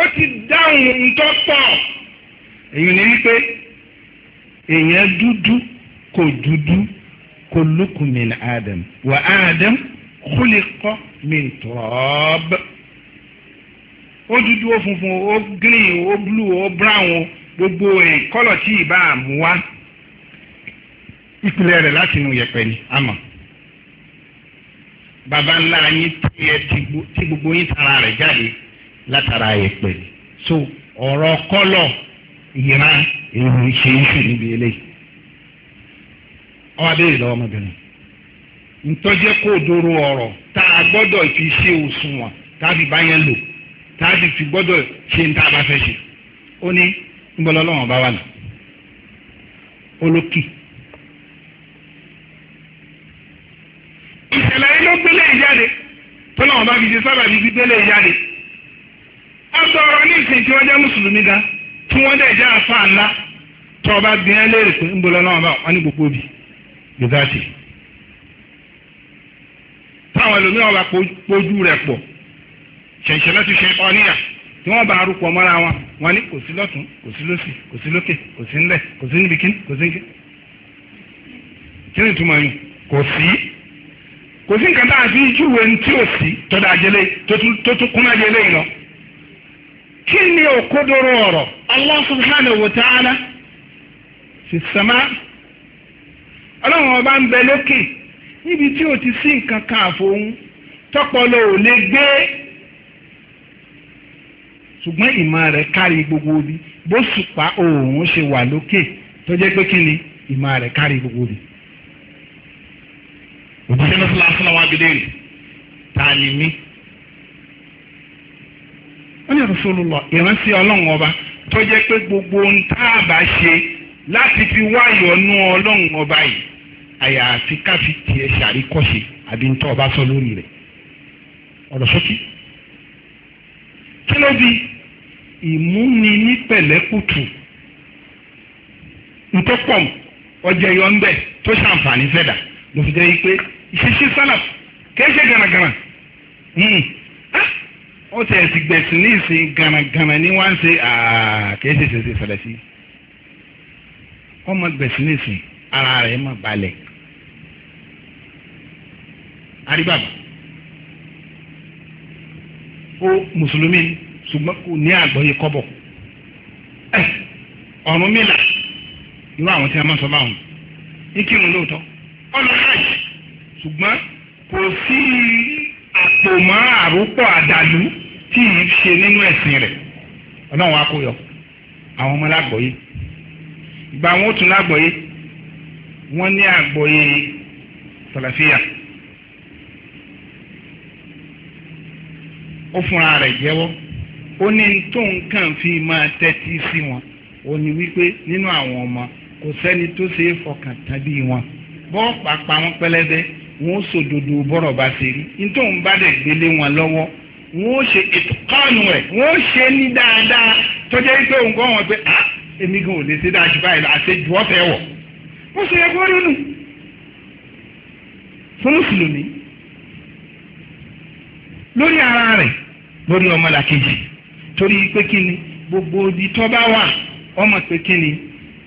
ó ti dáhùn ntọ́pọ̀ èyí ni wípé èèyàn dúdú kò dúdú kullukum min adam wa adam khuliqa min turab ó dúdú ó funfun ó green ó blue ó brown ó gbogbo ìkọlọ̀ tí ìbá mú wá ìpìlẹ̀ rẹ̀ láti inú yẹ̀pẹ̀ ni àmọ́ baba ńlá yín tí gbogbo yín tara rẹ̀ jáde látara yẹ̀pẹ̀ ni so ọ̀rọ̀ kọlọ̀ ìran èrò ìṣe iṣu níbi eléyìí ọwọ́ abẹ́rẹ́ lọ́wọ́ ọmọbìnrin ntọ́jẹ́ kó dòrò ọ̀rọ̀ tá a gbọ́dọ̀ fi ṣe òṣùwọ̀n tábì bá yẹn lò tábì fi gbọ́dọ̀ ṣe ń tá a bá fẹ́ ṣe ó ní ńbọ̀lọ́ lọ́wọ́ bá wà ní olókì. ìṣẹ̀lẹ̀ yìí ló gbélé ìjáde tó lọ́wọ́ bá fi ṣe sábà fi gbélé ìjáde ọ̀dọ̀ ọ̀rọ̀ ní ìsìn tí wọ́n jẹ́ mùsùlùmí gan tí wọ́n dẹ̀ jẹ́ àfa ńlá tọ́ba gbìyànjú lérè bùgátì táwọn ẹlòmíràn bá pojú rẹ̀ pọ̀ ṣẹ̀ṣẹ̀ lọ́tún ṣe ọ́níyà tí wọ́n bá arúpọ̀ mọ́ra wọn wọn ní kò sí lọ́tún kò sí lọ́sì kò sí lókè kò sí ńlẹ̀ kò sí níbi kíní kò sí níbi kí ni ìtumọ̀ yìí kò sí kò sí nǹkan tá a fi júwe tí ò sí tọ́da ajẹ́lé tó tún kún ajẹ́lé yìí lọ. kí ni òkodoro ọ̀rọ̀ Allah subhanahu wa ta'ala fi ọlọ́run ọba ń bẹ lókè níbi tí ò ti sí nǹkan kan àfòun tọpọlọ ò lè gbé ṣùgbọ́n ìmọ̀ rẹ̀ kárí gbogbo ibi bó ṣùpá oòrùn ṣe wà lókè tó jẹ́ pé kí ni ìmọ̀ rẹ̀ kárí gbogbo ibi. òjíṣẹ́ náà fúnra fúnra wa gbélé ta ni mí. wọ́n ní Rasulullah ìrántí ọlọ́run ọba tó jẹ́ pé gbogbo ohun tá a bá ṣe láti fi wáyọ̀ nú ọlọ́run ọba yìí àyàfi káfi tiẹ̀ ṣàríkọ́ṣe àbí ntọ́ ọba sọ lórí rẹ̀ ọ̀rọ̀ sókè kí di ìmúni ní pẹ̀lẹ́kùtù ntọ́pọ̀m ọjà yọ ńbẹ tó ṣàǹfààní fẹ́dà mo fi jẹ́ pé ìṣesí sálàf kìí ṣe gànàgànà hmm. ó tẹ̀ ẹ̀sìn gbẹ̀sìn ní ìsìn gànàgànà ní wá ń ṣe kìí ṣe ṣe ṣe sí ọmọ gbẹ̀sìn ní ìsìn ara rẹ̀ mọ̀ balẹ̀ àríbàbà ó mùsùlùmí ṣùgbọ́n kò ní àgbọ́yé kọ́bọ̀ ọ̀run mìlà irú àwọn tí a máa sọ báwọn ní kírun lóòótọ́ ọlọ́run àyè ṣùgbọ́n kò sí àpò mọ́ àròpọ̀ àdàlú tí ì ṣe nínú ẹ̀sìn rẹ̀ ọlọ́run akóyọ àwọn ọmọ lágbọ̀ọ́yé ìgbà wọn ó tún lágbọ̀ọ́yé wọ́n ní àgbọ̀ọ́yé sàlàfíà. ó fúnra rẹ̀ jẹ́wọ́ ó ní tó nǹkan fi máa tẹ́tí sí wọn ó ní wípé nínú àwọn ọmọ kò sẹ́ni tó ṣe é fọkàn tàbí wọn bọ́ọ̀ pàpà wọn pẹlẹbẹ wọn ó sòdodo bọ́rọ̀ bá ṣe rí nítòun bá dẹ̀ gbélé wọn lọ́wọ́ wọn ó ṣe ètò kọ́ọ̀nù rẹ̀ wọn ó ṣe ní dáadáa tó jẹ́ pé òun kọ́ wọn pé ah èmi gan ò lè ṣe dájú báyìí lọ àti ju ọ̀fẹ́ wọ̀ ó ṣe yẹ kó nù fún mùsùlùmí lórí ara rẹ̀ lórí ọmọlàkejì torí pé kí ni gbogbo ibi tó bá wà ọmọ pé kí ni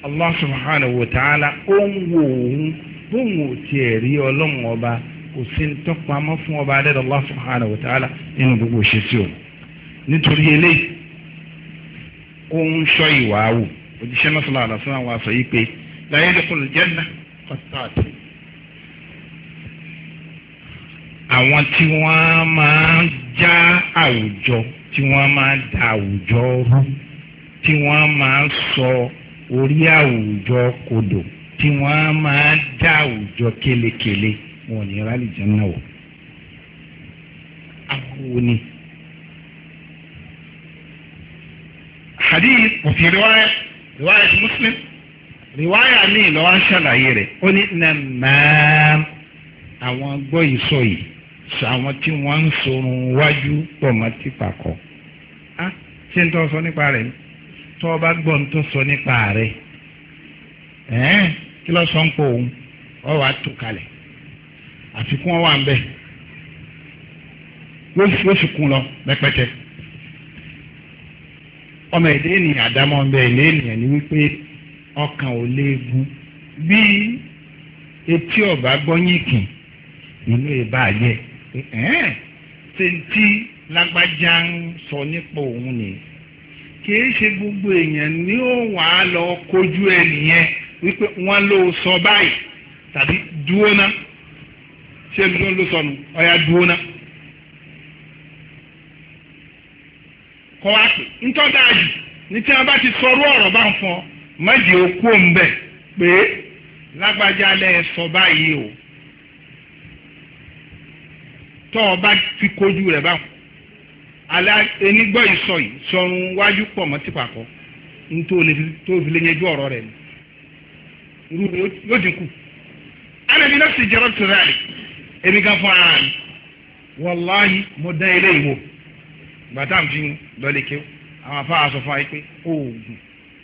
allah subhanahu wa ta'ala ó ń wo òun bóun ò tiẹ̀ rí ọlọ́run ọba kò sí ń tọ́pamọ́ fún ọba adẹ́dọ̀ allah subhanahu wa ta'ala nínú gbogbo òṣèṣì òun nítorí eléyìí ó ń sọ ìwà wò òjíṣẹ́ náà sallallahu alaihi wasallam wá yìí pé la yadkhulul janna qattat. àwọn tí wọ́n máa ń já àwùjọ tí wọ́n máa ń da àwùjọ rú tí wọ́n máa ń sọ orí àwùjọ kodò tí wọ́n máa ń dá àwùjọ kélekèle wọn ò ní rálì jẹun náà wò. àwọn ni. hadith kò fi riwaya riwaya ti muslim riwaya mi lọ́wọ́ ṣàlàyé rẹ̀ ó ní nàmàm àwọn gbọ́ ìsọ yìí sàwọn tí wọ́n ń sorun wájú pọ̀ mọ́ ti pàkọ́ ah. ṣé n tó sọ nípa rẹ̀ tó o bá gbọ́ n tó sọ nípa rẹ̀ ẹ̀ẹ́n kí ló sọ ń pọ̀ òun ọ wàá tú kalẹ̀ àfikún ọ wà ń bẹ̀ lóṣù kún lọ rẹpẹtẹ ọmọ èdè ènìyàn àdámọ́ ọmọ èdè ènìyàn ni wípé ọkàn ò léegun bí etí ọba gbọ́yìn kì nínú ìbàjẹ́ ṣe tí lágbájá ń sọ nípa òun ni kìí ṣe gbogbo èèyàn ni ó wà á lọ kojú ẹnìyẹn wípé wọn ló sọ báyìí tàbí dúró ná ṣé ibi ló sọnù ọyà dúró ná. kọ́ wá pé ntọ́jà jù ní tí wọ́n bá ti sọrú ọ̀rọ̀ bá ń fọ́ mọ́jì okú òǹbẹ̀ pé lágbájá lẹ́ sọ báyìí o tọ́ ọ bá ti kojú rẹ̀ báwọn alẹ́ enigbọ́ ìsọ yìí sọrun wájú pọ̀ mọ́ ti pàkọ́ nítorí tó fi lè yanjú ọ̀rọ̀ rẹ̀ ni yóò dínkù alẹ́bí náà sì jẹ́rọ tó rẹ̀ èmi gan fún ara mi wàláhì mo dán ilé ìwò bàtà mi fi lọlé kéw àwọn afáà sọ fún wa pé oògùn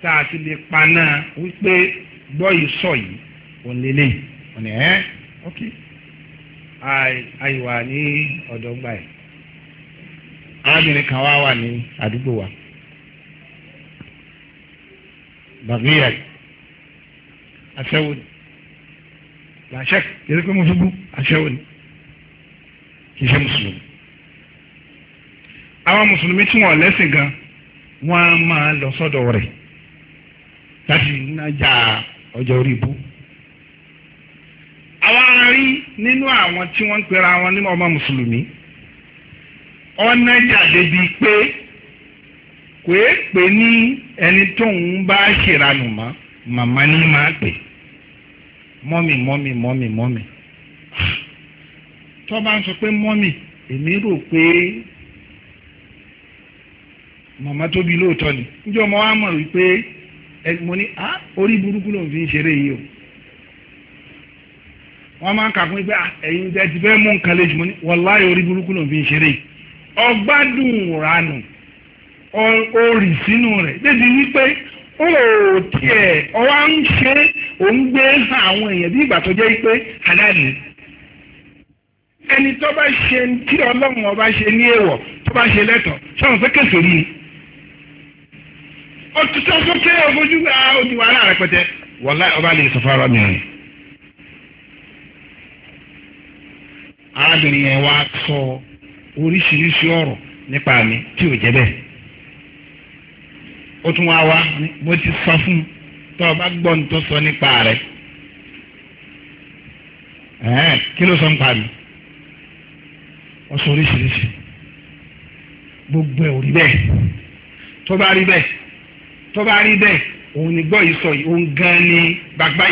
tá a ti lè pa náà wípé gbọ́ ìsọ yìí òun lélẹ́yìn òun ni ẹ́ ok. àìwà ní ọ̀dọ́gba ẹ̀ arábìnrin kan wá wà ní àdúgbò wa bàbíyà aṣẹ́wó ni làṣẹ yẹtí pé mo fi bú aṣẹ́wó ni ṣe mùsùlùmí gan wọn máa lọ sọ́dọ̀ rẹ̀ láti nájà ọjọ́ orí bú àwọn nínú àwọn tí wọ́n ń pera wọn ní ọmọ mùsùlùmí ọ̀nà jáde bíi pé kò é pè ní ẹni tóun bá ṣèranù mọ́ màmá ni máa pè mọ́mì mọ́mì mọ́mì mọ́mì tó bá ń sọ pé mọ́mì èmi rò pé màmá tóbi lóòótọ́ ni níjọ́ mo wá mọ̀ wípé mo ní ah, orí burúkú lòun fi ń ṣeré yìí o wọ́n máa ń kà fún mi pé ah, ẹ̀yin jẹ́ ti fẹ́ mú nǹkan lè jù mọ́ ní wàláyé orí burúkú ló fi ń ṣeré ọgbádùn ranù orì sínú rẹ̀ débi wípé ó tiẹ̀ ọwá ń ṣe òun gbé àwọn èèyàn bí ìgbà tó jẹ́ pé aláàlú ẹni tó bá ṣe tí ọlọ́run ọba ṣe ní èèwọ̀ tó bá ṣe lẹ́tọ̀ọ́ sọ̀rọ̀ pé kẹsàn-án ni ó ti sọ sókè ojú àá ojú rẹpẹtẹ wọ́lá ọba lè sọ fún ara mi rìn. arábìnrin yẹn wá sọ oríṣiríṣi ọ̀rọ̀ nípa mi tí ò jẹ́ bẹ́ẹ̀ ó tún wá wá mo ti sọ fún tó o bá gbọ́ ní tó sọ nípa rẹ̀ ẹ̀ẹ́n kí ló sọ nípa mi ó sọ oríṣiríṣi gbogbo ẹ̀ ò rí bẹ́ẹ̀ tó bá rí bẹ́ẹ̀ tó bá rí bẹ́ẹ̀ òun ni gbọ́ ìsọ yìí òun gan ni gbàgbá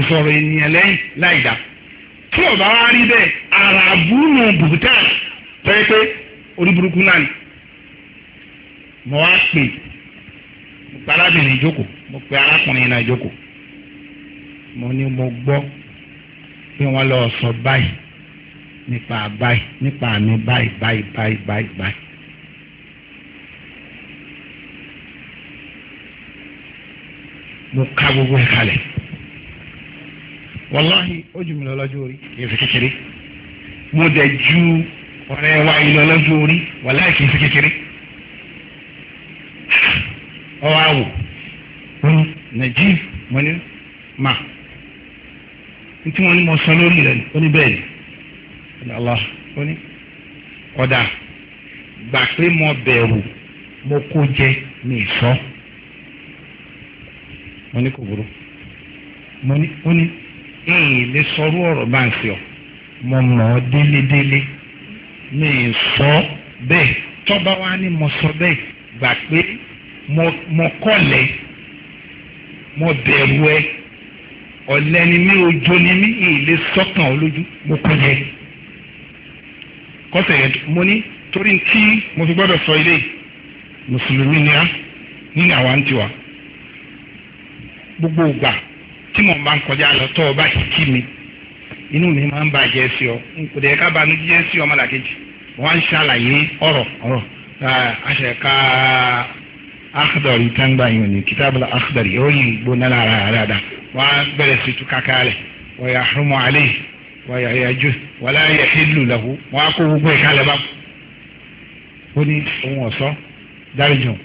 ìsọ̀rọ̀ ènìyàn lẹ́yìn láì dáa tí ọba wa rí bẹ́ẹ̀ ara burúkú bùbùtà tọ́yẹ pé oníburúkú náà ni mo wá pè mo pe arábìnrin ìjókòó mo pe arákùnrin náà ìjókòó mo ní mo gbọ́ pé wọ́n lọ sọ báyìí nípa báyìí nípa mi báyìí báyìí báyìí báyìí báyìí. mo ka gbogbo ẹ̀ kalẹ̀ wàláhì ó jù mí lọ lọ́jọ́ orí kì í fi kékeré mo dẹ̀ ju ọ̀rẹ́ wa yìí lọ lọ́jọ́ orí wàláhì kì í fi kékeré ọwọ́ àwò wọn Najib wọn ni ma ntí wọn ni mo sọ lórí rẹ ó ní bẹ́ẹ̀ ni Allah ó ní ọ̀dà gbà pé mo bẹ̀rù mo kó jẹ mi sọ. So mo kò burú mo ní ó ní èyí lè sọrú ọ̀rọ̀ bá ń fi ọ́ mo mọ̀ ọ́ délédélé mi ì sọ bẹ́ẹ̀ tọ́ba wa ni mo sọ bẹ́ẹ̀ gbà pé mo kọ́lẹ̀ mo bẹ̀rù ẹ ọ̀lẹ́ ni mí ojo ni mí èyí lè sọ́kàn ọ́ lójú mo kọ́lẹ̀ kọ́sẹ̀ yẹn mo ní torí tí mo fi gbọ́dọ̀ sọ ilé mùsùlùmí ni á nínú àwa ń tiwa gbogbo ògbà tí mò ń bá ń kọjá lọ tọ́ ọ bá ti kí mi inú mi máa ń bàjẹ́ sí ọ kò dé ká a jíjẹ́ sí ọmọ làkejì wọ́n ń ṣàlàyé ọ̀rọ̀ ọ̀rọ̀ àṣẹ̀ká akhdari tangba yìí ni kitabula akhdari ó yìí gbóná lára àdáadáa wọ́n á bẹ̀rẹ̀ sí tu kákàlẹ̀ wa yahrumu alayhi wa wala lahu